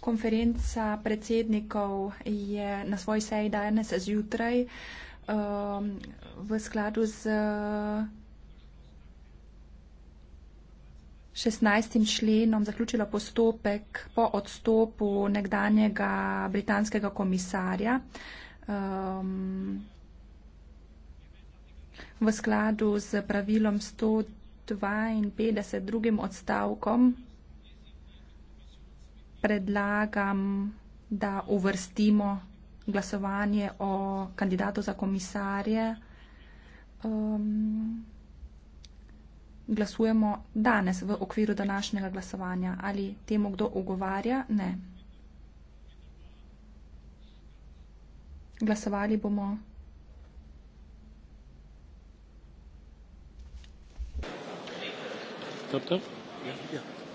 Konferenca predsednikov je na svoj seji danes zjutraj um, v skladu z 16. členom zaključila postopek po odstopu nekdanjega britanskega komisarja. Um, v skladu z pravilom 152. drugim odstavkom predlagam, da uvrstimo glasovanje o kandidatu za komisarje. Um, glasujemo danes v okviru današnjega glasovanja. Ali temu kdo ogovarja? Ne. Glasovali bomo. Stop, stop. Yeah, yeah.